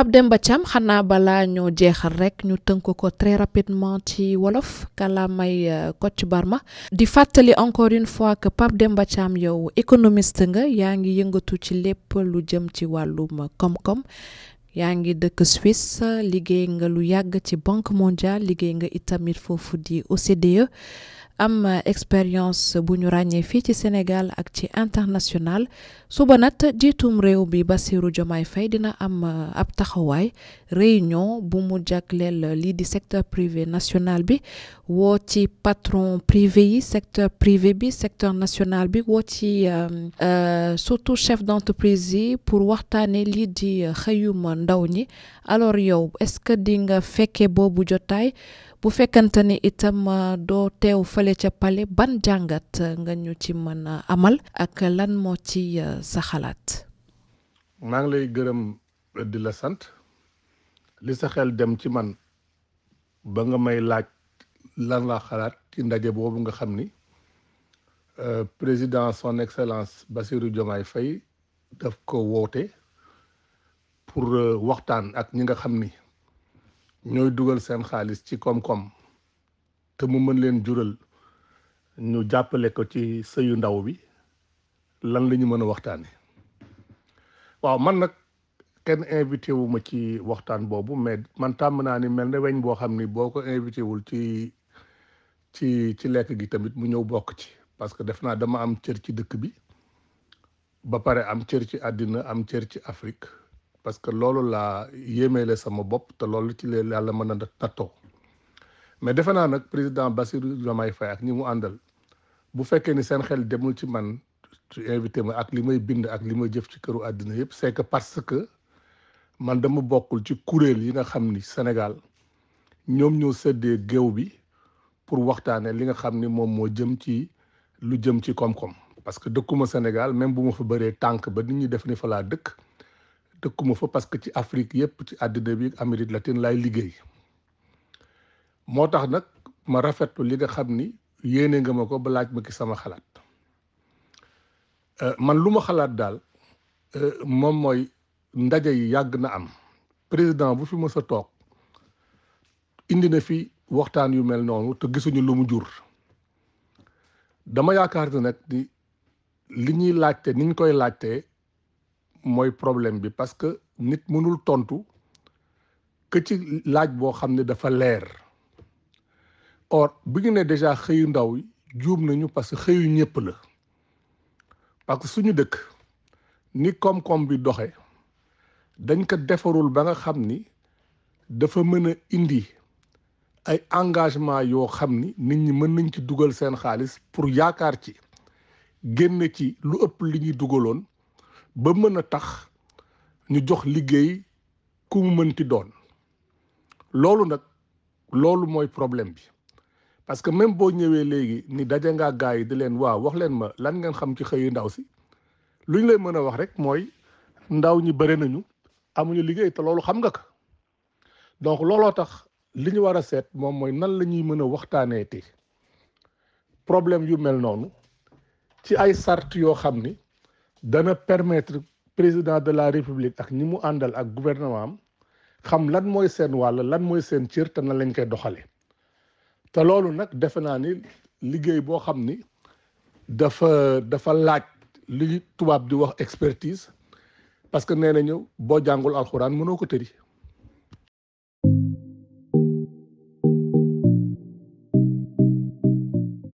Pape Demba Thiam xanaa balaa ñoo jeexal rek ñu tënk ko très rapidement ci wolof kala kàllaamay euh, Kocc Barma di fàttali encore une fois que Pape Demba yow économiste nga yaa ngi yëngatu ci lépp lu jëm ci wàllum koom-koom yaa ngi dëkk Suisse liggéey nga lu yàgg ci Banque mondiale liggéey nga itamit foofu di OCDE am expérience bu ñu ràññee fii ci Sénégal ak ci international suba nat jiitum réew bi Bassirou Diomaye fay dina am uh, ab taxawaay réunion bu mu jagleel lii di secteur privé nationale bi woo ci patron privé yi secteur privé bi secteur national bi woo ci um, uh, surtout chef d'entreprise yi pour waxtaane lii di xëyum ndaw ñi alors yow est-ce que di nga fekkee boobu jotaay bu fekkante ni itam uh, doo teew fële ca pale ban jàngat euh, nga ñu ci mën a amal ak lan moo ci euh, sa xalaat. maa ngi lay gërëm euh, di la sant li sa xel dem ci man ba nga may laaj lan laa xalaat ci ndaje boobu nga xam ni président son excellence Bassirou Diomaye fay daf ko woote pour waxtaan ak ñi nga xam ni ñooy dugal seen xaalis ci koom-koom te mu mën leen jural ñu jàppale ko ci sëyu ndaw bi lan la ñu mën a waxtaane waaw man nag kenn invité wu ma ci waxtaan boobu mais man tàmm naa ni mel na weñ boo xam ni boo ko invité wul ci ci ci lekk gi tamit mu ñëw bokk ci parce que def naa dama am cër ci dëkk bi ba pare am cër ci àddina am cër ci Afrique parce que loolu laa yéemee yéemeele sama bopp te loolu ci leen la mën a nattoo mais defe naa nag président Bassirou Diomaye Faye ak ñi mu àndal bu fekkee ni seen xel demul ci man ci invité ma ak li may bind ak li may jëf ci këru àddina yëpp c'est que parce que man dama bokkul ci kuréel yi nga xam ni Sénégal ñoom ñoo séddee géew bi pour waxtaanee li nga xam ni moom moo jëm ci lu jëm ci koom-koom. parce que dëkkuma Sénégal même bu ma fa bëree tànk ba nit ñi def ni fa laa dëkk dëkkuma fa parce que ci Afrique yëpp ci àddina bi Amérique latine laay liggéey moo tax nag ma rafetu li nga xam ni. yéene nga ma ko ba laaj ma ki sama xalaat euh, man lu ma xalaat daal euh, moom mooy ndaje yi yàgg na am président bu fi mës toog indi na fi waxtaan yu mel noonu te gisuñu lu mu jur dama yaakaar ne nag di li ñuy laajte niñ koy laajtee mooy problème bi parce que nit mënul tontu que ci laaj boo xam ne dafa leer or bu ñu nee déjà xëyu ndaw juum nañu parce que xëyu ñëpp la parce suñu dëkk ni koom-koom bi doxe dañ ko defarul ba nga xam ni dafa mën a indi ay engagement yoo xam ni nit ñi mën nañ ci dugal seen xaalis pour yaakaar ci génn ci lu ëpp li ñuy dugaloon ba mën a tax ñu jox liggéey ku mu ti doon loolu nag loolu mooy problème bi parce que même boo ñëwee léegi ni daje ngaa gars yi di leen waaw wax leen ma lan ngeen xam ci xëyu ndaw si lu ñu lay mën a wax rek mooy ndaw ñi bëri nañu amuñu liggéey te loolu xam nga ko donc looloo tax li ñu war a seet moom mooy nan la ñuy mën a waxtaanee te problème yu mel noonu ci ay sart yoo xam ni dana permettre président de la république ak ñi mu àndal ak gouvernement am xam lan mooy seen wàll lan mooy seen cër te na lañ koy doxalee te loolu nag defe naa ni liggéey boo xam ni dafa dafa laaj li tubaab di wax expertise parce que nee nañu boo jàngul alxuraan mënoo ko tëri